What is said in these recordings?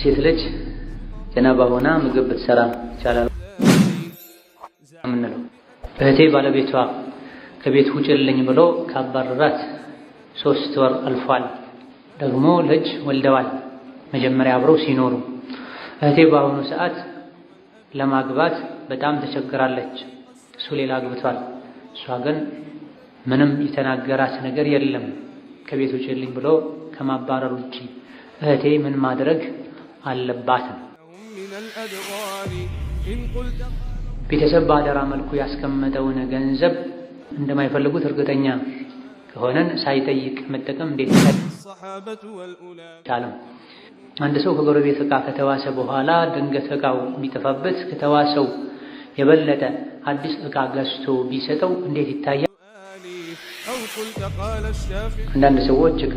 ሴት ልጅ ጀናባ ሆና ምግብ ብትሰራ ይቻላል የምንለው እህቴ ባለቤቷ ከቤት ውጭልኝ ብሎ ካባረራት ሶስት ወር አልፏል። ደግሞ ልጅ ወልደዋል። መጀመሪያ አብረው ሲኖሩ እህቴ በአሁኑ ሰዓት ለማግባት በጣም ተቸግራለች። እሱ ሌላ አግብቷል። እሷ ግን ምንም የተናገራት ነገር የለም ከቤት ውጭልኝ ብሎ ከማባረር ውጪ እህቴ ምን ማድረግ አለባትም? ቤተሰብ ባደራ መልኩ ያስቀመጠውን ገንዘብ እንደማይፈልጉት እርግጠኛ ከሆነን ሳይጠይቅ መጠቀም እንዴት ይቻላል? አንድ ሰው ከጎረቤት እቃ ከተዋሰ በኋላ ድንገት እቃው ቢጠፋበት ከተዋሰው የበለጠ አዲስ እቃ ገዝቶ ቢሰጠው እንዴት ይታያል? አንዳንድ ሰዎች እቃ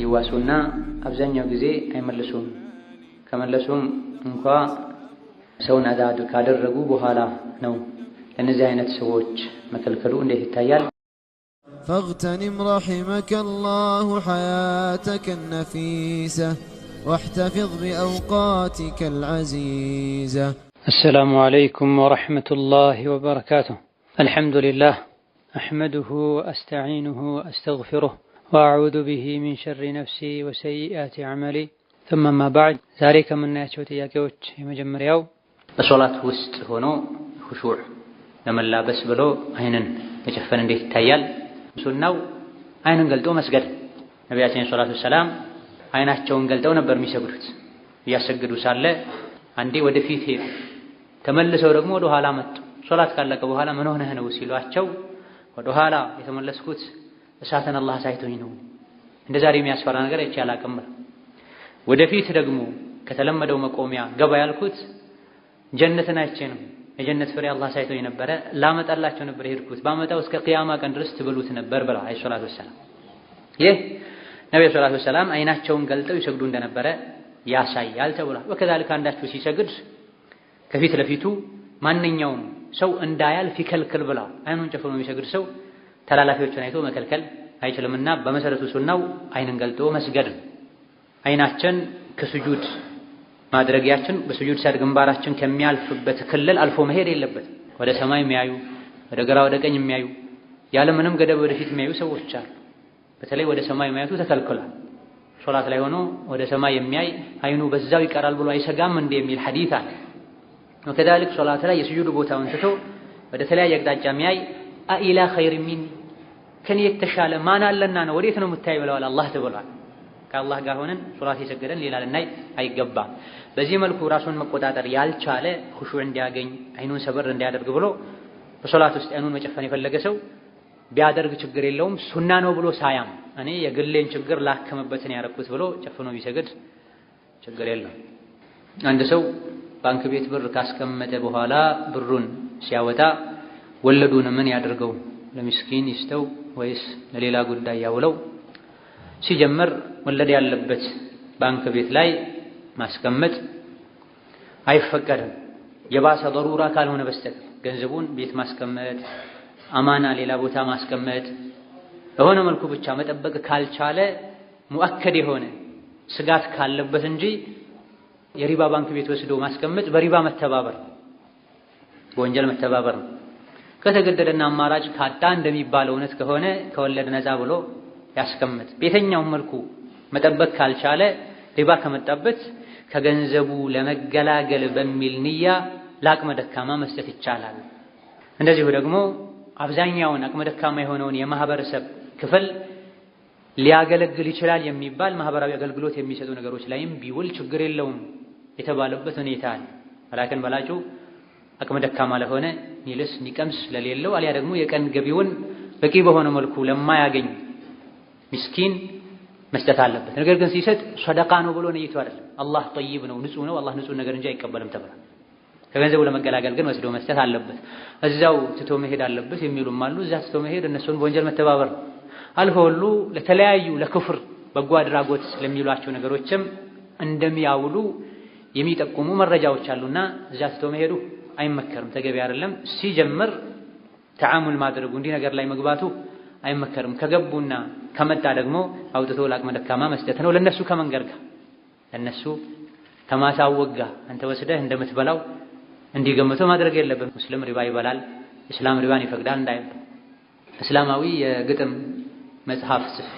ይዋሱና አብዛኛው ጊዜ አይመልሱም። سونا داد الكادر አዛ ካደረጉ نو لأن زينة አይነት مثل كرون له ይታያል? فاغتنم رحمك الله حياتك النفيسة واحتفظ بأوقاتك العزيزة السلام عليكم ورحمة الله وبركاته الحمد لله أحمده وأستعينه وأستغفره ወአዑዙ ቢሂ ሚን ሸሪ ነፍሲ ወሰይአቲ ዐመሊ ثم ما بعد ዛሬ ከምናያቸው ጥያቄዎች የመጀመሪያው በሶላት ውስጥ ሆኖ ሁሹዕ ለመላበስ ብሎ አይንን መጨፈን እንዴት ይታያል? ሱናው አይንን ገልጦ መስገድ። ነቢያችን ሰላቱ ሰላም አይናቸውን ገልጠው ነበር የሚሰግዱት። እያሰግዱ ሳለ አንዴ ወደፊት ሄዱ፣ ተመልሰው ደግሞ ወደ ኋላ መጡ። ሶላት ካለቀ በኋላ ምን ሆነህ ነው ሲሏቸው ወደ ኋላ የተመለስኩት እሳትን አላህ ሳይቶኝ ነው። እንደ ዛሬ የሚያስፈራ ነገር አይቼ አላቅም። ወደፊት ደግሞ ከተለመደው መቆሚያ ገባ ያልኩት ጀነትን አይቼ ነው። የጀነት ፍሬ አላህ ሳይቶኝ ነበረ፣ ላመጣላቸው ነበር የሄድኩት። ባመጣው እስከ ቅያማ ቀን ድረስ ትበሉት ነበር ብለ አይ ሰላቱ ወሰላም። ይህ ነቢ ሰላቱ ወሰላም አይናቸውን ገልጠው ይሰግዱ እንደነበረ ያሳያል ተብሏል። ወከዛልክ አንዳችሁ ሲሰግድ ከፊት ለፊቱ ማንኛውም ሰው እንዳያልፍ ይከልክል ብለዋል። አይኑን ጨፍኖ የሚሰግድ ሰው ተላላፊዎችን አይቶ መከልከል አይችልምና በመሰረቱ ሱናው አይንን ገልጦ መስገድ ነው። አይናችን ከስጁድ ማድረጊያችን በስጁድ ሲያድ ግንባራችን ከሚያልፍበት ክልል አልፎ መሄድ የለበትም። ወደ ሰማይ የሚያዩ ወደ ግራ ወደ ቀኝ የሚያዩ ያለምንም ገደብ ወደፊት የሚያዩ ሰዎች አሉ። በተለይ ወደ ሰማይ ማየቱ ተከልክሏል። ሶላት ላይ ሆኖ ወደ ሰማይ የሚያይ አይኑ በዛው ይቀራል ብሎ አይሰጋም እንደ የሚል ሐዲት አለ። ወከዛልክ ሶላት ላይ የስጁድ ቦታውን ትቶ ወደ ተለያየ አቅጣጫ የሚያይ አኢላ ኸይር ሚኒ ከኔ የተሻለ ማን አለና ነው ወዴት ነው የምታይ ብለዋል አላህ ተብሏል። ከአላህ ጋር ሆነን ሶላት የሰገደን ሌላ ልናይ አይገባም። በዚህ መልኩ ራሱን መቆጣጠር ያልቻለ ሁሹዕ እንዲያገኝ አይኑን ሰበር እንዲያደርግ ብሎ በሶላት ውስጥ አይኑን መጨፈን የፈለገ ሰው ቢያደርግ ችግር የለውም። ሱና ነው ብሎ ሳያም እኔ የግሌን ችግር ላከመበትን ያረኩት ብሎ ጨፍኖ ቢሰግድ ችግር የለም። አንድ ሰው ባንክ ቤት ብር ካስቀመጠ በኋላ ብሩን ሲያወጣ ወለዱን ምን ያደርገው? ለሚስኪን ይስተው ወይስ ለሌላ ጉዳይ ያውለው? ሲጀምር ወለድ ያለበት ባንክ ቤት ላይ ማስቀመጥ አይፈቀድም፣ የባሰ ضرورة ካልሆነ በስተቀር ገንዘቡን ቤት ማስቀመጥ፣ አማና ሌላ ቦታ ማስቀመጥ፣ በሆነ መልኩ ብቻ መጠበቅ ካልቻለ ሙአከድ የሆነ ስጋት ካለበት እንጂ የሪባ ባንክ ቤት ወስዶ ማስቀመጥ በሪባ መተባበር በወንጀል መተባበር ነው። ከተገደደና አማራጭ ካጣ እንደሚባለው እውነት ከሆነ ከወለድ ነፃ ብሎ ያስቀምጥ። ቤተኛውን መልኩ መጠበቅ ካልቻለ ሊባ ከመጣበት ከገንዘቡ ለመገላገል በሚል ንያ ለአቅመ ደካማ መስጠት ይቻላል። እንደዚሁ ደግሞ አብዛኛውን አቅመ ደካማ የሆነውን የማህበረሰብ ክፍል ሊያገለግል ይችላል የሚባል ማህበራዊ አገልግሎት የሚሰጡ ነገሮች ላይም ቢውል ችግር የለውም የተባለበት ሁኔታ አለ። ላኪን በላጩ አቅመ ደካማ ለሆነ ሚልስ ሚቀምስ ለሌለው አሊያ ደግሞ የቀን ገቢውን በቂ በሆነ መልኩ ለማያገኝ ምስኪን መስጠት አለበት። ነገር ግን ሲሰጥ ሰደቃ ነው ብሎ ነይቶ አይደለም። አላህ ጠይብ ነው፣ ንጹህ ነው። አላህ ንጹህ ነገር እንጂ አይቀበልም ተብሏል። ከገንዘቡ ለመገላገል ግን ወስዶ መስጠት አለበት። እዛው ትቶ መሄድ አለበት የሚሉም አሉ። እዛ ትቶ መሄድ እነሱን በወንጀል መተባበር ነው። አልፎ ሁሉ ለተለያዩ ለክፍር በጎ አድራጎት ለሚሏቸው ነገሮችም እንደሚያውሉ የሚጠቁሙ መረጃዎች አሉና እዛ ትቶ መሄዱ አይመከርም፣ ተገቢ አይደለም። ሲጀምር ተዓሙል ማድረጉ እንዲህ ነገር ላይ መግባቱ አይመከርም። ከገቡና ከመጣ ደግሞ አውጥቶ ላቅመ ደካማ መስጠት ነው። ለነሱ ከመንገር ጋር ለነሱ ከማሳወቅ ጋር አንተ ወስደህ እንደምትበላው እንዲገምተው ማድረግ የለብን ሙስሊም ሪባ ይበላል፣ እስላም ሪባን ይፈቅዳል እንዳይባል እስላማዊ የግጥም መጽሐፍ ጽፌ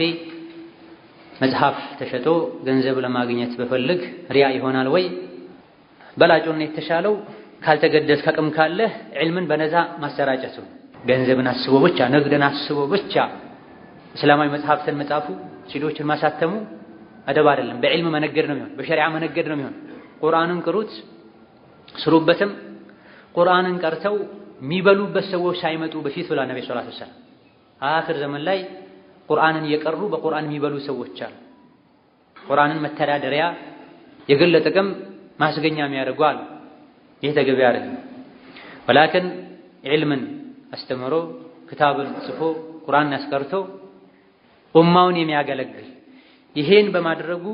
መጽሐፍ ተሸጦ ገንዘብ ለማግኘት በፈልግ ሪያ ይሆናል ወይ? በላጮና የተሻለው ካልተገደስ ከቅም ካለህ ዕልምን በነዛ ማሰራጨት ነው። ገንዘብን አስቦ ብቻ ንግድን አስቦ ብቻ እስላማዊ መጽሐፍትን መጻፉ ሲዶችን ማሳተሙ አደብ አይደለም። በዕልም መነገድ ነው የሚሆን፣ በሸሪዓ መነገድ ነው የሚሆን። ቁርአንን ቅሩት ስሩበትም። ቁርአንን ቀርተው የሚበሉበት ሰዎች ሳይመጡ በፊት ብላ ነቢ ሰለላሁ ዐለይሂ አክር ዘመን ላይ ቁርአንን እየቀሩ በቁርአን የሚበሉ ሰዎች አሉ። ቁርአንን መተዳደሪያ የግል ጥቅም ማስገኛ የሚያደርጉ አሉ። ይህ ተገቢ አይደለም። ወላክን ዒልምን አስተምሮ ክታብን ጽፎ ቁርአን አስቀርቶ ኡማውን የሚያገለግል ይሄን በማድረጉ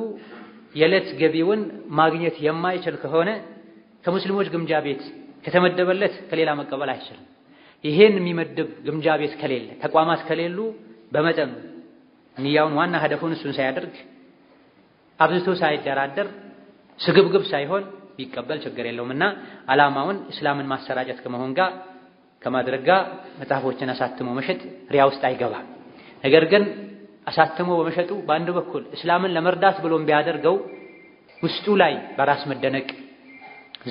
የዕለት ገቢውን ማግኘት የማይችል ከሆነ ከሙስሊሞች ግምጃ ቤት ከተመደበለት ከሌላ መቀበል አይችልም። ይሄን የሚመድብ ግምጃ ቤት ከሌለ ተቋማት ከሌሉ በመጠኑ ንያውን ዋና ሀደፉን እሱን ሳያደርግ አብዝቶ ሳይደራደር ስግብግብ ሳይሆን ቢቀበል ችግር የለውም እና ዓላማውን እስላምን ማሰራጨት ከመሆን ጋር ከማድረግ ጋር መጽሐፎችን አሳትሞ መሸጥ ሪያ ውስጥ አይገባም። ነገር ግን አሳትሞ በመሸጡ በአንድ በኩል እስላምን ለመርዳት ብሎም ቢያደርገው ውስጡ ላይ በራስ መደነቅ፣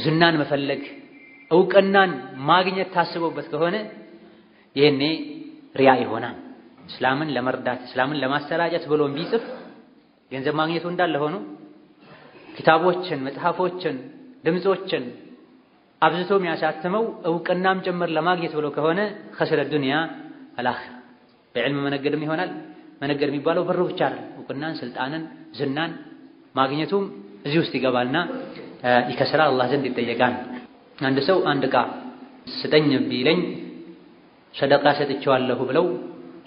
ዝናን መፈለግ፣ እውቅናን ማግኘት ታስቦበት ከሆነ ይህኔ ሪያ ይሆናል። እስላምን ለመርዳት እስላምን ለማሰራጨት ብሎም ቢጽፍ ገንዘብ ማግኘቱ እንዳለ ሆኖ ኪታቦችን፣ መጽሐፎችን ድምፆችን አብዝቶ የሚያሳትመው እውቅናም ጭምር ለማግኘት ብሎ ከሆነ ከስረ ዱንያ አላኺራ በዕልም መነገድም ይሆናል። መነገድ የሚባለው ብር ብቻ አይደለም። እውቅናን፣ ስልጣንን፣ ዝናን ማግኘቱም እዚህ ውስጥ ይገባልና ይከስራል፣ አላህ ዘንድ ይጠየቃል። አንድ ሰው አንድ ዕቃ ስጠኝ ቢለኝ ሰደቃ ሰጥቼዋለሁ ብለው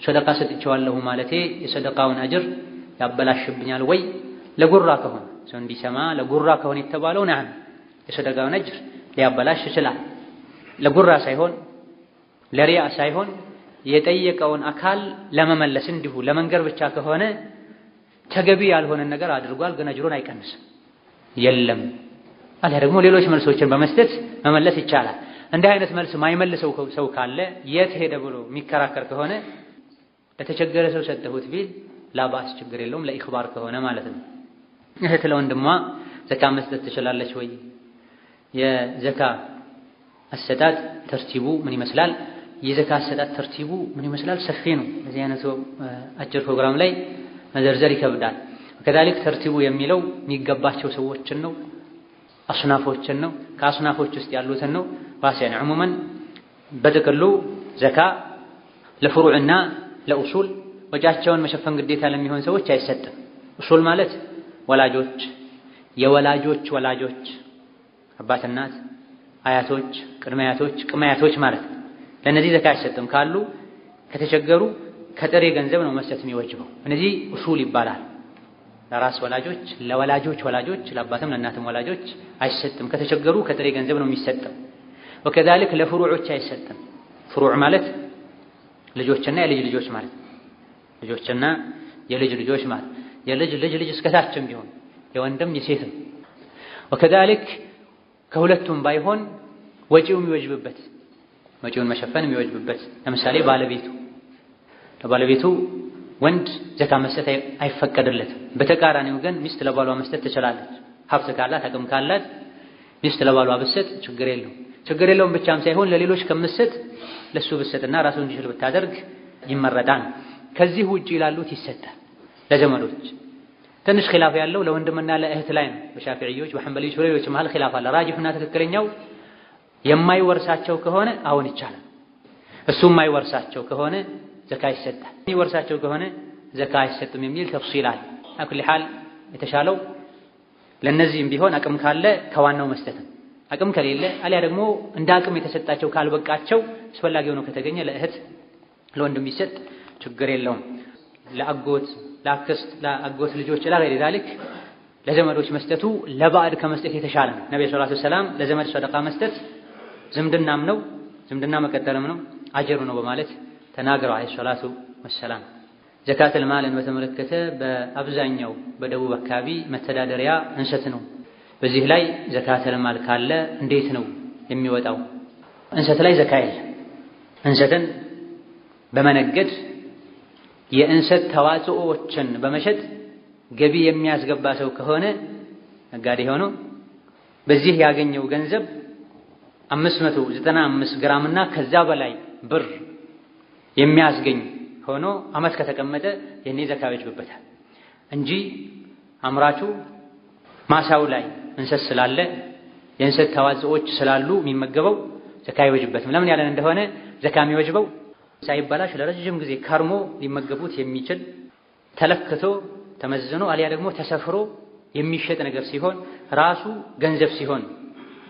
ሰደቃ ሰጥቼዋለሁ ማለቴ የሰደቃውን አጅር ያበላሽብኛል ወይ? ለጉራ ከሆነ ሰው እንዲሰማ ለጉራ ከሆነ የተባለው ነዓም የሰደጋውን አጅር ሊያበላሽ ይችላል። ለጉራ ሳይሆን ለሪያ ሳይሆን የጠየቀውን አካል ለመመለስ እንዲሁ ለመንገር ብቻ ከሆነ ተገቢ ያልሆነን ነገር አድርጓል፣ ግን አጅሩን አይቀንስም። የለም አለ ደግሞ ሌሎች መልሶችን በመስጠት መመለስ ይቻላል። እንዲህ አይነት መልስ ማይመልሰው ሰው ካለ የት ሄደ ብሎ የሚከራከር ከሆነ ለተቸገረ ሰው ሰጠሁት ቢል ላባስ ችግር የለውም ለኢኽባር ከሆነ ማለት ነው። እህት ለወንድሟ ዘካ መስጠት ትችላለች ወይ? የዘካ አሰጣጥ ተርቲቡ ምን ይመስላል? የዘካ አሰጣጥ ተርቲቡ ምን ይመስላል? ሰፊ ነው። በዚህ አይነቱ አጭር ፕሮግራም ላይ መዘርዘር ይከብዳል። ከዛሊክ ተርቲቡ የሚለው የሚገባቸው ሰዎችን ነው፣ አስናፎችን ነው፣ ከአስናፎች ውስጥ ያሉትን ነው። ዋሲያን ዕሙመን በጥቅሉ ዘካ ለፍሩዕና ለኡሱል ወጫቸውን መሸፈን ግዴታ ለሚሆን ሰዎች አይሰጥም። ኡሱል ማለት ወላጆች፣ የወላጆች ወላጆች አባት፣ እናት፣ አያቶች፣ ቅድመ አያቶች፣ አያቶች ማለት ነው። ለእነዚህ ዘካ አይሰጥም ካሉ ከተቸገሩ ከጥሬ ገንዘብ ነው መስጠት የሚወጅበው። እነዚህ ኡሱል ይባላል። ለራስ ወላጆች፣ ለወላጆች ወላጆች፣ ለአባትም ለእናትም ወላጆች አይሰጥም። ከተቸገሩ ከጥሬ ገንዘብ ነው የሚሰጠው። ወከዛልክ ለፍሩዖች አይሰጥም። ፍሩዕ ማለት ልጆችና የልጅ ልጆች ማለት ልጆችና የልጅ ልጆች ማለት የልጅ ልጅ ልጅ እስከታችም ቢሆን የወንድም የሴትም ወከዛልክ ከሁለቱም ባይሆን ወጪው የሚወጅብበት ወጪውን መሸፈን የሚወጅብበት ለምሳሌ ባለቤቱ ለባለቤቱ ወንድ ዘካ መስጠት አይፈቀድለትም። በተቃራኒው ግን ሚስት ለባሏ መስጠት ትችላለች። ሀብት ካላት አቅም ካላት ሚስት ለባሏ ብትሰጥ ችግር የለውም። ችግር የለውም ብቻም ሳይሆን ለሌሎች ከምትሰጥ ለሱ ብትሰጥና ራሱ እንዲችል ብታደርግ ይመረጣል። ከዚህ ውጪ ላሉት ይሰጣል፣ ለዘመዶች ትንሽ ኺላፍ ያለው ለወንድምና ለእህት ላይ ነው። በሻፊዕዮች በሐንበሊዎች በሌሎች መሃል ኺላፍ አለ። ራጅሑና ትክክለኛው የማይወርሳቸው ከሆነ አሁን ይቻላል። እሱ የማይወርሳቸው ከሆነ ዘካ ይሰጣል፣ የሚወርሳቸው ከሆነ ዘካ አይሰጥም የሚል ተፍሲል አለ። አኩል ሐል የተሻለው ለነዚህም ቢሆን አቅም ካለ ከዋናው መስጠት ነው። አቅም ከሌለ አሊያ ደግሞ እንደ አቅም የተሰጣቸው ካልበቃቸው አስፈላጊ ሆኖ ከተገኘ ለእህት ለወንድም ይሰጥ ችግር የለውም ለአጎት ለአክስት ለአጎት ልጆች ላ ገይሪ ዛሊክ ለዘመዶች መስጠቱ ለባዕድ ከመስጠት የተሻለ ነው። ነብዩ ሰለላሁ ዐለይሂ ወሰለም ለዘመድ ሰደቃ መስጠት ዝምድናም ነው፣ ዝምድና መቀጠልም ነው፣ አጀሩ ነው በማለት ተናግረው ዐለይሂ ሰላቱ ወሰላም። ዘካተል ማልን በተመለከተ በአብዛኛው በደቡብ አካባቢ መተዳደሪያ እንሰት ነው። በዚህ ላይ ዘካተል ማል ካለ እንዴት ነው የሚወጣው? እንሰት ላይ ዘካ የለም። እንሰትን በመነገድ የእንሰት ተዋጽኦዎችን በመሸጥ ገቢ የሚያስገባ ሰው ከሆነ ነጋዴ ሆኖ በዚህ ያገኘው ገንዘብ 595 ግራም እና ከዛ በላይ ብር የሚያስገኝ ሆኖ አመት ከተቀመጠ የኔ ዘካ ይወጅብበታል እንጂ አምራቹ ማሳው ላይ እንሰት ስላለ የእንሰት ተዋጽኦዎች ስላሉ የሚመገበው ዘካ ይወጅበትም። ለምን ያለን እንደሆነ ዘካ የሚወጅበው ሳይበላሽ ለረጅም ጊዜ ከርሞ ሊመገቡት የሚችል ተለክቶ ተመዝኖ አሊያ ደግሞ ተሰፍሮ የሚሸጥ ነገር ሲሆን ራሱ ገንዘብ ሲሆን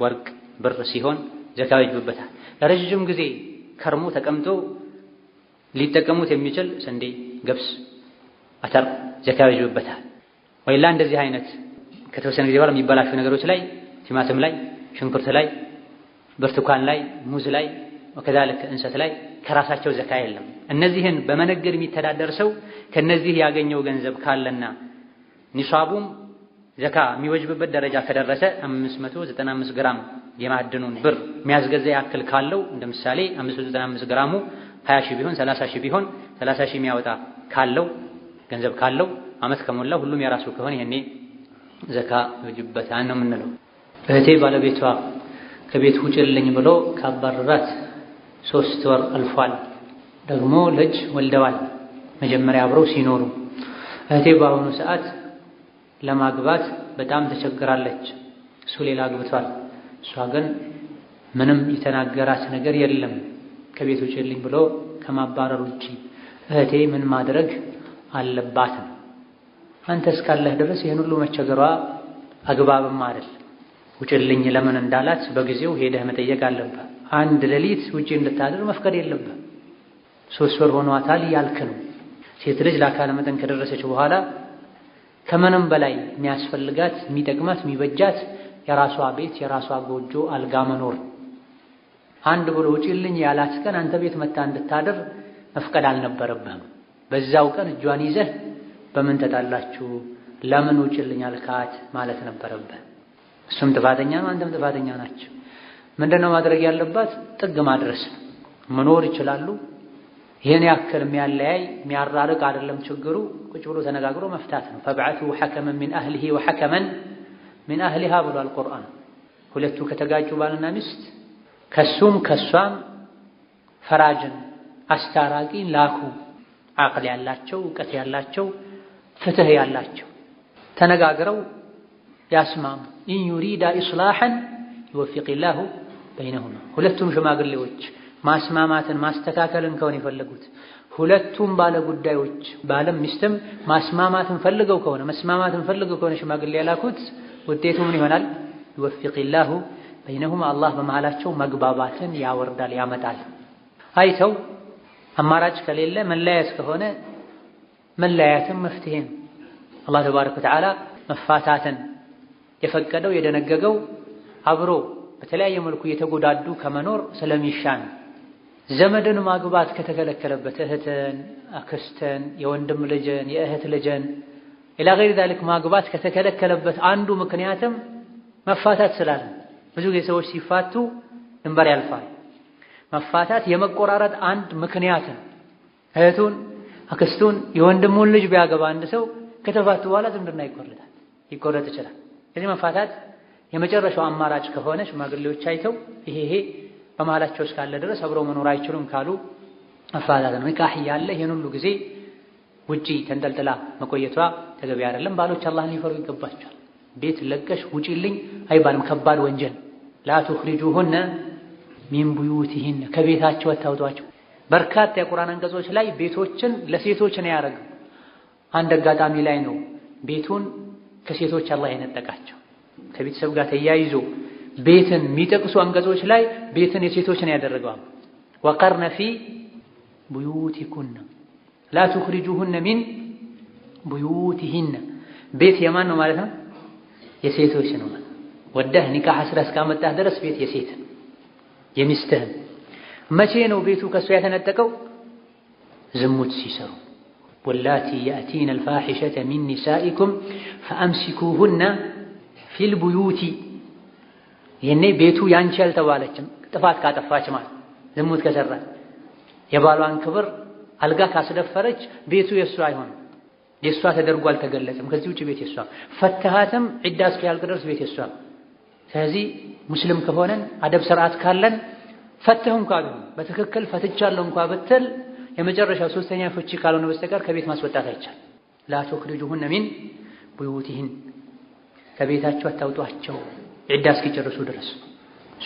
ወርቅ፣ ብር ሲሆን ዘካ ይወጅብበታል። ለረጅም ጊዜ ከርሞ ተቀምጦ ሊጠቀሙት የሚችል ስንዴ፣ ገብስ፣ አተር ዘካ ይወጅብበታል። ወይላ እንደዚህ አይነት ከተወሰነ ጊዜ በኋላ የሚበላሹ ነገሮች ላይ ቲማቲም ላይ፣ ሽንኩርት ላይ፣ ብርቱካን ላይ፣ ሙዝ ላይ ወከዛልክ እንሰት ላይ ከራሳቸው ዘካ የለም። እነዚህን በመነገድ የሚተዳደር ሰው ከነዚህ ያገኘው ገንዘብ ካለና ኒሷቡም ዘካ የሚወጅብበት ደረጃ ከደረሰ 595 ግራም የማዕድኑን ብር የሚያስገዛ ያክል ካለው እንደ ምሳሌ 595 ግራሙ 20 ሺህ ቢሆን 30 ሺህ ቢሆን 30 ሺህ የሚያወጣ ካለው ገንዘብ ካለው አመት ከሞላ ሁሉም የራሱ ከሆነ ይሄኔ ዘካ ይወጅብበታል ነው የምንለው። እህቴ ባለቤቷ ከቤት ውጭልኝ ብሎ ካባረራት ሶስት ወር አልፏል። ደግሞ ልጅ ወልደዋል። መጀመሪያ አብረው ሲኖሩ እህቴ በአሁኑ ሰዓት ለማግባት በጣም ተቸግራለች። እሱ ሌላ አግብቷል። እሷ ግን ምንም የተናገራት ነገር የለም ከቤት ውጭልኝ ብሎ ከማባረር ውጪ። እህቴ ምን ማድረግ አለባትም? አንተ እስካለህ ድረስ ይህን ሁሉ መቸገሯ አግባብም አይደል። ውጭልኝ ለምን እንዳላት በጊዜው ሄደህ መጠየቅ አለብህ። አንድ ሌሊት ውጪ እንድታድር መፍቀድ የለብህ። ሶስት ወር ሆኗታል ያልክ ነው። ሴት ልጅ ለአካለ መጠን ከደረሰች በኋላ ከምንም በላይ የሚያስፈልጋት የሚጠቅማት የሚበጃት የራሷ ቤት የራሷ ጎጆ አልጋ መኖር። አንድ ብሎ ውጪልኝ ያላት ቀን አንተ ቤት መታ እንድታድር መፍቀድ አልነበረብህም። በዛው ቀን እጇን ይዘህ በምን ተጣላችሁ ለምን ውጭልኝ አልካት ማለት ነበረብህ። እሱም ጥፋተኛ ነው፣ አንተም ጥፋተኛ ናቸው። ምንድነው ማድረግ ያለባት? ጥግ ማድረስ መኖር ይችላሉ። ይህን ያክል የሚያለያይ የሚያራርቅ አይደለም ችግሩ። ቁጭ ብሎ ተነጋግሮ መፍታት ነው። ፈብዐቱ ሐከመን ሚን አህሊሂ ወሐከመን ሚን አህሊሃ ብሏል ቁርአን። ሁለቱ ከተጋጩ ባልና ሚስት ከሱም ከሷም ፈራጅን አስታራቂን ላኩ። አቅል ያላቸው እውቀት ያላቸው ፍትህ ያላቸው ተነጋግረው ያስማሙ። ኢን ዩሪዳ ኢስላሐን ይወፊቅላሁ በይነሁማ ሁለቱም ሽማግሌዎች ማስማማትን ማስተካከልን ከሆነ የፈለጉት ሁለቱም ባለ ጉዳዮች ባለም ሚስትም ማስማማትን ፈልገው ከሆነ መስማማትን ፈልገው ከሆነ ሽማግሌ ያላኩት ውጤቱ ምን ይሆናል? ይወፍቂላሁ በይነሁማ አላህ በመሃላቸው መግባባትን ያወርዳል ያመጣል። አይተው አማራጭ ከሌለ መለያየት ከሆነ መለያየትም መፍትሄ ነው። አላህ ተባረከ ወተዓላ መፋታትን የፈቀደው የደነገገው አብሮ በተለያየ መልኩ የተጎዳዱ ከመኖር ስለሚሻን ዘመድን ማግባት ከተከለከለበት እህትን፣ አክስትን፣ የወንድም ልጅን፣ የእህት ልጅን ኢላ ገይር ዛሊክ ማግባት ከተከለከለበት አንዱ ምክንያትም መፋታት ስላለ ብዙ ጊዜ ሰዎች ሲፋቱ ድንበር ያልፋል። መፋታት የመቆራረጥ አንድ ምክንያት እህቱን፣ አክስቱን፣ የወንድሙን ልጅ ቢያገባ አንድ ሰው ከተፋቱ በኋላ ዝምድና ይቆረጣል ይቆረጥ ይችላል። ስለዚህ መፋታት የመጨረሻው አማራጭ ከሆነ ሽማግሌዎች አይተው ይሄ ይሄ በመሃላቸው እስካለ ድረስ አብረው መኖር አይችሉም ካሉ መፋታት ነው። ኒካህ እያለ ይህን ሁሉ ጊዜ ውጪ ተንጠልጥላ መቆየቷ ተገቢ አይደለም። ባሎች አላህን ሊፈሩ ይገባቸዋል። ቤት ለቀሽ ውጪልኝ አይባልም። ከባድ ወንጀል ላቱኽሪጁሁነ ሚን ቡዩቲሂን ከቤታቸው አታውጧቸው። በርካታ የቁርአን አንቀጾች ላይ ቤቶችን ለሴቶች ነው ያደረገው። አንድ አጋጣሚ ላይ ነው ቤቱን ከሴቶች አላህ የነጠቃቸው ከቤተሰብ ጋር ተያይዞ ቤትን የሚጠቅሱ አንቀጾች ላይ ቤትን የሴቶችን ነው ያደረገው። ወቀርነ ፊ ቡዩቲኩነ ላ ቱኽሪጁሁነ ሚን ቡዩቲሂነ። ቤት የማን ነው ማለት ነው? የሴቶች ነው። ወደህ ኒካህ አስራ እስካመጣህ ድረስ ቤት የሴት የሚስትህን። መቼ ነው ቤቱ ከእሷ የተነጠቀው? ዝሙት ሲሰሩ ወላቲ ያእቲነ አልፋሒሸተ ሚን ኒሳኢኩም ፈአምሲኩሁና? ፊል ቡዩቲ ይህኔ ቤቱ ያንቺ አልተባለችም። ጥፋት ካጠፋች ማለት ዝሙት ከሰራች የባሏን ክብር አልጋ ካስደፈረች ቤቱ የእሷ አይሆንም። የእሷ ተደርጎ አልተገለጽም። ከዚህ ውጭ ቤት የእሷ ፈተሃትም ዒዳ እስኪያልቅ ድረስ ቤት የእሷ። ስለዚህ ሙስሊም ከሆነን አደብ ስርዓት ካለን ፈትህ እንኳ ቢሆን በትክክል ፈትቻለሁ እንኳ ብትል የመጨረሻው ሶስተኛ ፍቺ ካልሆነ በስተቀር ከቤት ማስወጣት አይቻል ላ ሚን ቡዩቲሂን ከቤታቸው አታውጧቸው ዒዳ እስኪጨርሱ ድረስ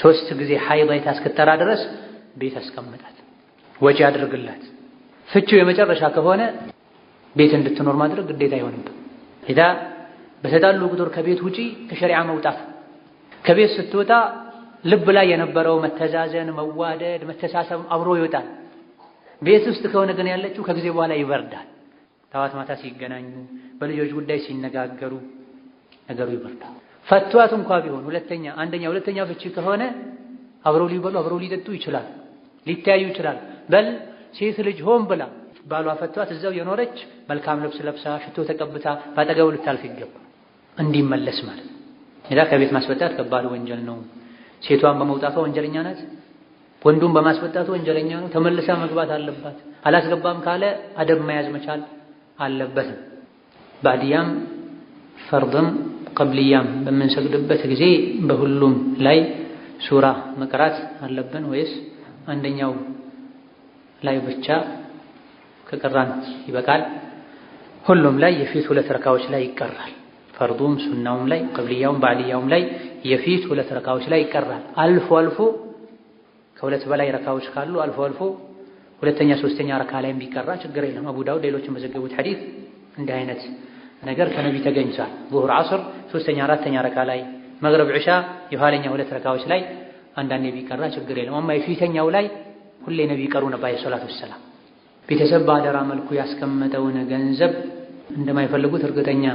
ሶስት ጊዜ ሐይድ አይታ እስክትጠራ ድረስ ቤት አስቀምጣት፣ ወጪ አድርግላት። ፍቺው የመጨረሻ ከሆነ ቤት እንድትኖር ማድረግ ግዴታ አይሆንብህ። ሄዳ በተጣሉ ቁጥር ከቤት ውጪ ከሸሪዓ መውጣት፣ ከቤት ስትወጣ ልብ ላይ የነበረው መተዛዘን፣ መዋደድ፣ መተሳሰብ አብሮ ይወጣል። ቤት ውስጥ ከሆነ ግን ያለችው ከጊዜ በኋላ ይበርዳል። ጠዋት ማታ ሲገናኙ፣ በልጆች ጉዳይ ሲነጋገሩ ነገሩ ይበርታ። ፈቷት እንኳ ቢሆን ሁለተኛ አንደኛ ሁለተኛ ፍቺ ከሆነ አብረው ሊበሉ አብረው ሊጠጡ ይችላል፣ ሊተያዩ ይችላል። በል ሴት ልጅ ሆን ብላ ባሏ ፈቷት እዛው የኖረች መልካም ልብስ ለብሳ ሽቶ ተቀብታ ባጠገቡ ልታልፍ ይገባ እንዲመለስ ማለት ነው። ከቤት ማስፈታት ከባድ ወንጀል ነው። ሴቷን በመውጣቷ ወንጀለኛ ናት። ወንዱን በማስወጣቱ ወንጀለኛ ነው። ተመልሳ መግባት አለባት። አላስገባም ካለ አደብ መያዝ መቻል አለበትም። ባዲያም ፈርድም ቀብልያም በምንሰግድበት ጊዜ በሁሉም ላይ ሱራ መቅራት አለብን ወይስ አንደኛው ላይ ብቻ ከቀራን ይበቃል? ሁሉም ላይ የፊት ሁለት ረካዎች ላይ ይቀራል። ፈርዱም ሱናውም ላይ ቀብልያውም ባዕልያውም ላይ የፊት ሁለት ረካዎች ላይ ይቀራል። አልፎ አልፎ ከሁለት በላይ ረካዎች ካሉ አልፎ አልፎ ሁለተኛ ሶስተኛ ረካ ላይ ቢቀራ ችግር የለም። አቡ ዳውድ ሌሎችን በዘገቡት ሐዲስ እንዲህ አይነት ነገር ከነቢ ተገኝቷል። ዙሁር፣ ዐስር ሶስተኛ አራተኛ ረካ ላይ መግረብ ዕሻ የኋለኛ ሁለት ረካዎች ላይ አንዳንዴ ቢቀራ ችግር የለም። አማ የፊተኛው ላይ ሁሌ ነቢ ይቀሩ ነበር ሰላት ወሰላም። ቤተሰብ በአደራ መልኩ ያስቀመጠውን ገንዘብ እንደማይፈልጉት እርግጠኛ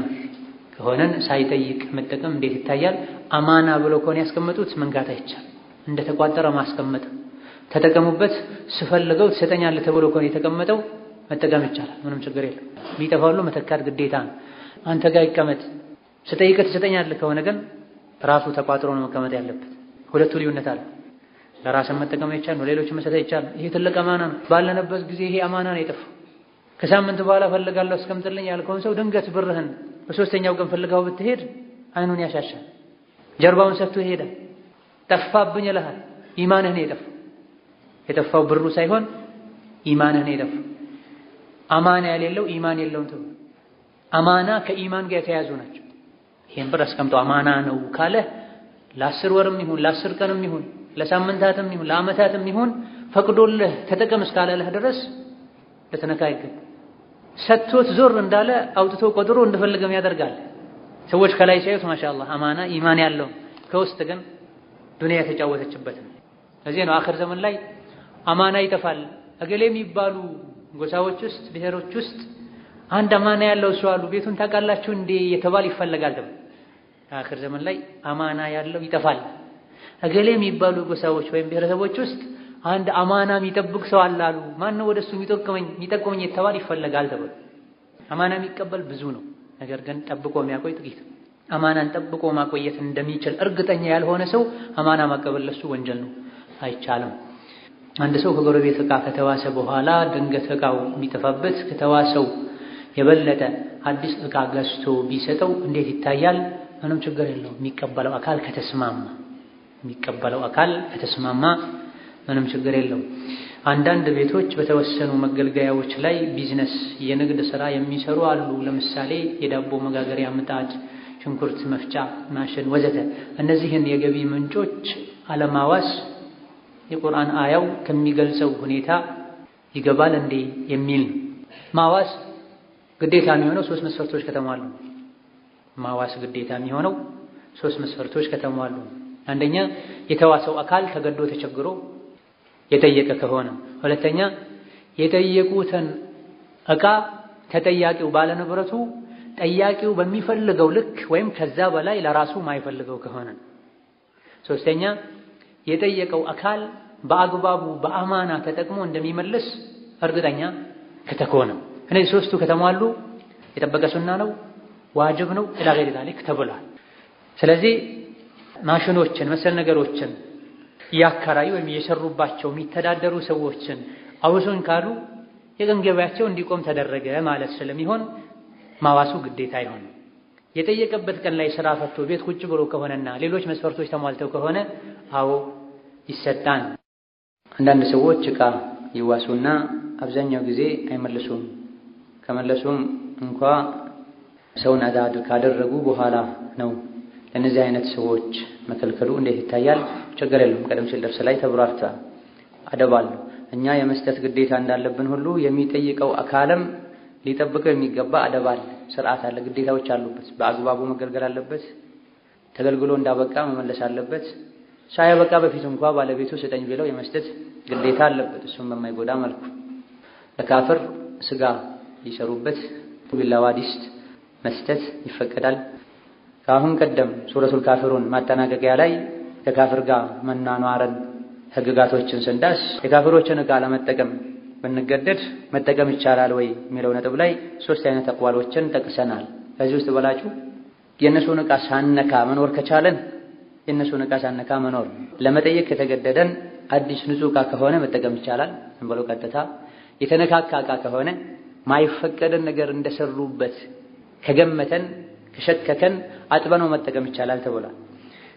ከሆነን ሳይጠይቅ መጠቀም እንዴት ይታያል? አማና ብሎ ከሆነ ያስቀመጡት መንካት አይቻል። እንደ ተቋጠረ ማስቀመጥ ተጠቀሙበት፣ ስፈልገው ትሰጠኛለህ ተብሎ ከሆነ የተቀመጠው መጠቀም ይቻላል። ምንም ችግር የለም። ቢጠፋ ሁሉ መተካት ግዴታ ነው። አንተ ጋር ይቀመጥ ስጠይቅ ትሰጠኛለህ ከሆነ ግን ራሱ ተቋጥሮ ነው መቀመጥ ያለበት። ሁለቱ ልዩነት አለ። ለራስን መጠቀም ይቻል ነው፣ ሌሎችን መሰጠት ይቻል ይሄ ትልቅ አማና ነው። ባለነበት ጊዜ ይሄ አማና ነው የጠፋው። ከሳምንት በኋላ ፈልጋለሁ እስከምጥልኝ ያልከውን ሰው ድንገት ብርህን በሶስተኛው ቀን ፈልጋው ብትሄድ አይኑን ያሻሻል፣ ጀርባውን ሰጥቶ ይሄዳል። ጠፋብኝ ይልሃል። ኢማንህ ነው የጠፋው። የጠፋው ብሩ ሳይሆን ኢማንህ ነው የጠፋው። አማና የሌለው ኢማን የለውም ተብሎ አማና ከኢማን ጋር የተያያዙ ናቸው። ይሄን ብር አስቀምጦ አማና ነው ካለ ለአስር ወርም ይሁን ለአስር ቀንም ይሁን ለሳምንታትም ይሁን ለዓመታትም ይሁን ፈቅዶልህ ተጠቀም እስካላለህ ድረስ ለተነካ አይገባም። ሰጥቶት ዞር እንዳለ አውጥቶ ቆጥሮ እንደፈለገም ያደርጋል። ሰዎች ከላይ ሲያዩት ማሻአላህ አማና ኢማን ያለው ከውስጥ ግን ዱንያ የተጫወተችበት ነው። ለዚህ ነው አክር ዘመን ላይ አማና ይጠፋል። እገሌ የሚባሉ ጎሳዎች ውስጥ ብሔሮች ውስጥ አንድ አማና ያለው ሰው አሉ ቤቱን ታውቃላችሁ እንዴ የተባል ይፈለጋል። አክር ዘመን ላይ አማና ያለው ይጠፋል። እገሌ የሚባሉ ጎሳዎች ወይም ብሔረሰቦች ውስጥ አንድ አማና የሚጠብቅ ሰው አለ አሉ። ማን ነው ወደሱ የሚጠቅመኝ የሚጠቅመኝ የተባል ይፈለጋል ተብሎ አማና የሚቀበል ብዙ ነው። ነገር ግን ጠብቆ የሚያቆይ ጥቂት። አማናን ጠብቆ ማቆየት እንደሚችል እርግጠኛ ያልሆነ ሰው አማና ማቀበል ለሱ ወንጀል ነው፣ አይቻልም። አንድ ሰው ከጎረቤት እቃ ከተዋሰ በኋላ ድንገት እቃው የሚጠፋበት ከተዋሰው የበለጠ አዲስ እቃ ገዝቶ ቢሰጠው እንዴት ይታያል? ምንም ችግር የለውም። የሚቀበለው አካል ከተስማማ የሚቀበለው አካል ከተስማማ ምንም ችግር የለውም። አንዳንድ ቤቶች በተወሰኑ መገልገያዎች ላይ ቢዝነስ የንግድ ስራ የሚሰሩ አሉ። ለምሳሌ የዳቦ መጋገሪያ ምጣድ፣ ሽንኩርት መፍጫ ማሽን ወዘተ። እነዚህን የገቢ ምንጮች አለማዋስ የቁርአን አያው ከሚገልጸው ሁኔታ ይገባል እንዴ የሚል ማዋስ ግዴታ የሚሆነው ሶስት መስፈርቶች ከተሟሉ ማዋስ ግዴታ የሚሆነው ሶስት መስፈርቶች ከተሟሉ፣ አንደኛ የተዋሰው አካል ተገዶ ተቸግሮ የጠየቀ ከሆነ፣ ሁለተኛ የጠየቁትን እቃ ተጠያቂው ባለንብረቱ ጠያቂው በሚፈልገው ልክ ወይም ከዛ በላይ ለራሱ ማይፈልገው ከሆነ፣ ሶስተኛ የጠየቀው አካል በአግባቡ በአማና ተጠቅሞ እንደሚመልስ እርግጠኛ ከተኮነ። እነዚህ ሶስቱ ከተሟሉ የጠበቀ ሱና ነው። ዋጅብ ነው ኢላ ገይሪ ዛሊክ ተብሏል። ስለዚህ ማሽኖችን መሰል ነገሮችን እያከራዩ ወይም እየሰሩባቸው የሚተዳደሩ ሰዎችን አውሱን ካሉ የቀን ገበያቸው እንዲቆም ተደረገ ማለት ስለሚሆን ማዋሱ ግዴታ አይሆንም። የጠየቀበት ቀን ላይ ስራ ፈቶ ቤት ቁጭ ብሎ ከሆነና ሌሎች መስፈርቶች ተሟልተው ከሆነ አዎ ይሰጣል። አንዳንድ ሰዎች እቃ ይዋሱና አብዛኛው ጊዜ አይመልሱም። ከመለሱም እንኳ ሰውን አዛድ ካደረጉ በኋላ ነው ለእነዚህ አይነት ሰዎች መከልከሉ እንዴት ይታያል? ችግር የለም። ቀደም ሲል ደርስ ላይ ተብራርቷል። አደብ እኛ የመስጠት ግዴታ እንዳለብን ሁሉ የሚጠይቀው አካልም ሊጠብቀው የሚገባ አደባል ስርዓት አለ፣ ግዴታዎች አሉበት። በአግባቡ መገልገል አለበት። ተገልግሎ እንዳበቃ መመለስ አለበት። ሳያበቃ በፊት እንኳ ባለቤቱ ስጠኝ ቢለው የመስጠት ግዴታ አለበት፣ እሱም በማይጎዳ መልኩ። ለካፍር ስጋ ይሰሩበት ቢላዋ ዲስት መስጠት ይፈቀዳል። ከአሁን ቀደም ሱረቱል ካፊሩን ማጠናቀቂያ ላይ ከካፍር ጋር መኗኗርን ህግጋቶችን ስንዳስ የካፍሮችን ዕቃ ለመጠቀም ብንገደድ መጠቀም ይቻላል ወይ የሚለው ነጥብ ላይ ሶስት አይነት አቋሎችን ጠቅሰናል። ከዚህ ውስጥ በላጩ የእነሱን ዕቃ ሳነካ መኖር ከቻለን የእነሱን ዕቃ ሳነካ መኖር ለመጠየቅ ከተገደደን አዲስ ንጹህ ዕቃ ከሆነ መጠቀም ይቻላል። ዝም ብሎ ቀጥታ የተነካካ ዕቃ ከሆነ ማይፈቀደን ነገር እንደሰሩበት ከገመተን ከሸከከን አጥበነው መጠቀም ይቻላል ተብሏል።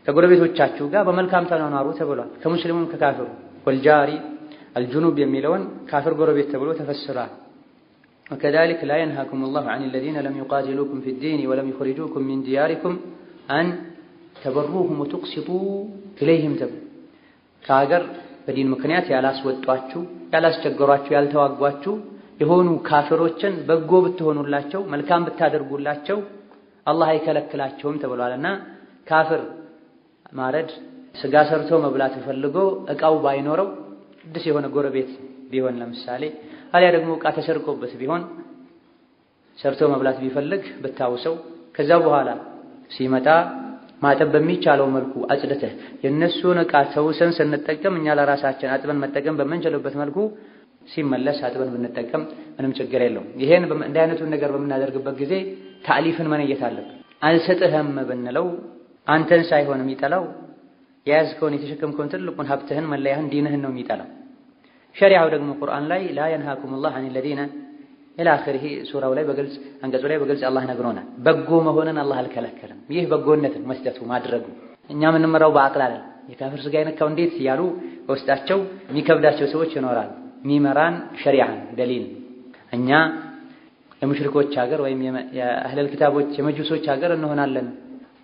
ከጎረቤቶቻችሁ ጋር በመልካም ተኗኗሩ ተብሏል። ከሙስሊሙም ከካፍሩ ወልጃሪ አልጁኑብ የሚለውን ካፍር ጎረቤት ተብሎ ተፈስሯል። ወከዛሊክ ላ የንሃኩም ላሁ አን ለዚነ ለም ዩቃቲሉኩም ፊ ዲን ወለም ዩኽሪጁኩም ሚን ዲያሪኩም አን ተበሩሁም ወቱቅሲጡ ኢለይህም ተብሎ ከሀገር በዲን ምክንያት ያላስወጧችሁ፣ ያላስቸገሯችሁ፣ ያልተዋጓችሁ የሆኑ ካፍሮችን በጎ ብትሆኑላቸው መልካም ብታደርጉላቸው አላህ አይከለክላቸውም ተብሏልና ካፍር ማረድ ስጋ ሰርቶ መብላት ፈልጎ እቃው ባይኖረው ቅዱስ የሆነ ጎረቤት ቢሆን ለምሳሌ አሊያ ደግሞ እቃ ተሰርቆበት ቢሆን ሰርቶ መብላት ቢፈልግ ብታውሰው ከዛ በኋላ ሲመጣ ማጠብ በሚቻለው መልኩ አጽድተህ የእነሱን እቃ ተውሰን ስንጠቀም እኛ ለራሳችን አጥበን መጠቀም በምንችልበት መልኩ ሲመለስ አጥበን ብንጠቀም ምንም ችግር የለውም። ይሄን እንደ አይነቱን ነገር በምናደርግበት ጊዜ ታዕሊፍን መነየት አለብን። አልሰጥህም ብንለው አንተን ሳይሆን የሚጠላው የያዝከውን የተሸከምከውን ትልቁን ሀብትህን መለያህን ዲንህን ነው የሚጠላው። ሸሪዓው ደግሞ ቁርአን ላይ ላ የንሃኩሙላህ አን ለዚነ ኢላ አኺሪሂ ሱራው ላይ በግልጽ አንቀጹ ላይ በግልጽ አላህ ነግሮናል። በጎ መሆንን አላህ አልከለከለም። ይህ በጎነትን መስጠቱ ማድረጉ እኛ የምንመራው በአቅል አለን። የካፍር ስጋ የነካው እንዴት እያሉ በውስጣቸው የሚከብዳቸው ሰዎች ይኖራሉ። የሚመራን ሸሪዓን ደሊል እኛ የሙሽሪኮች ሀገር ወይም የአህለል ኪታቦች የመጁሶች ሀገር እንሆናለን፣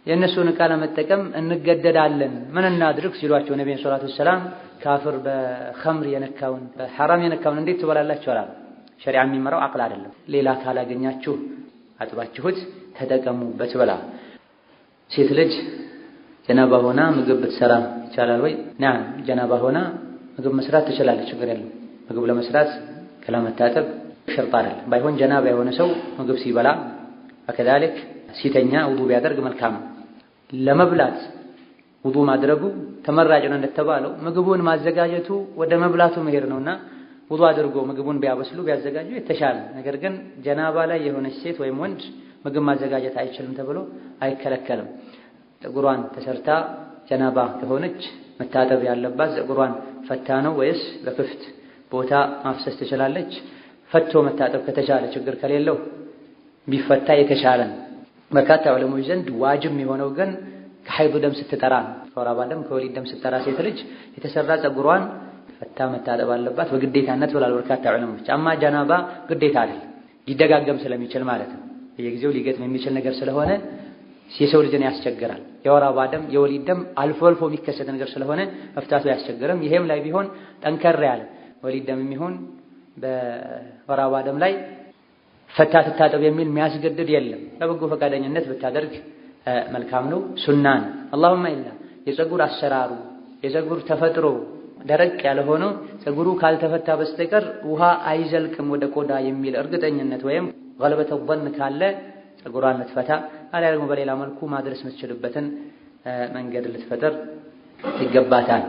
የእነሱን ዕቃ ለመጠቀም እንገደዳለን፣ ምን እናድርግ ሲሏቸው ነቢይን ሰላቱ ወሰላም ካፍር በኸምር የነካውን በሐራም የነካውን እንዴት ትበላላችሁ አላሉ። ሸሪዓ የሚመራው አቅል አይደለም። ሌላ ካላገኛችሁ አጥባችሁት ተጠቀሙበት ብላ ሴት ልጅ ጀናባ ሆና ምግብ ብትሰራ ይቻላል ወይ? ና ጀናባ ሆና ምግብ መስራት ትችላለች፣ ችግር የለም። ምግብ ለመስራት ገላ መታጠብ አይደለም። ባይሆን ጀናባ የሆነ ሰው ምግብ ሲበላ ከዛልክ ሲተኛ ውዱእ ቢያደርግ መልካም። ለመብላት ውዱእ ማድረጉ ተመራጭ ነው እንደተባለው ምግቡን ማዘጋጀቱ ወደ መብላቱ መሄድ ነውና ውዱእ አድርጎ ምግቡን ቢያበስሉ ቢያዘጋጁ የተሻለ። ነገር ግን ጀናባ ላይ የሆነች ሴት ወይም ወንድ ምግብ ማዘጋጀት አይችልም ተብሎ አይከለከልም። ጥቁሯን ተሰርታ ጀናባ ከሆነች መታጠብ ያለባት ጥቁሯን ፈታ ነው ወይስ በክፍት ቦታ ማፍሰስ ትችላለች። ፈቶ መታጠብ ከተቻለ ችግር ከሌለው ቢፈታ የተሻለ ነው። በርካታ ዑለሞች ዘንድ ዋጅም የሆነው ግን ከሐይዱ ደም ስትጠራ ነው። ከወር አበባ ደም፣ ከወሊድ ደም ስትጠራ ሴት ልጅ የተሰራ ፀጉሯን ፈታ መታጠብ አለባት በግዴታነት ብሏል በርካታ ዑለሞች። አማ ጀናባ ግዴታ አይደል ሊደጋገም ስለሚችል ማለት ነው። በየጊዜው ሊገጥም የሚችል ነገር ስለሆነ የሰው ልጅን ያስቸግራል። የወር አበባ ደም፣ የወሊድ ደም አልፎ አልፎ የሚከሰት ነገር ስለሆነ መፍታቱ አያስቸግርም። ይሄም ላይ ቢሆን ጠንከር ያለ ወሊድ ደም የሚሆን በወራባ ደም ላይ ፈታ ትታጠብ የሚል የሚያስገድድ የለም። በበጎ ፈቃደኝነት ብታደርግ መልካም ነው፣ ሱና ነው። አላሁማ ኢላ የፀጉር አሰራሩ የፀጉር ተፈጥሮ ደረቅ ያለ ሆኖ ፀጉሩ ካልተፈታ በስተቀር ውሃ አይዘልቅም ወደ ቆዳ የሚል እርግጠኝነት ወይም ገለበተ ظን ካለ ፀጉሯን ልትፈታ አሊያ ደግሞ በሌላ መልኩ ማድረስ የምትችልበትን መንገድ ልትፈጥር ይገባታል።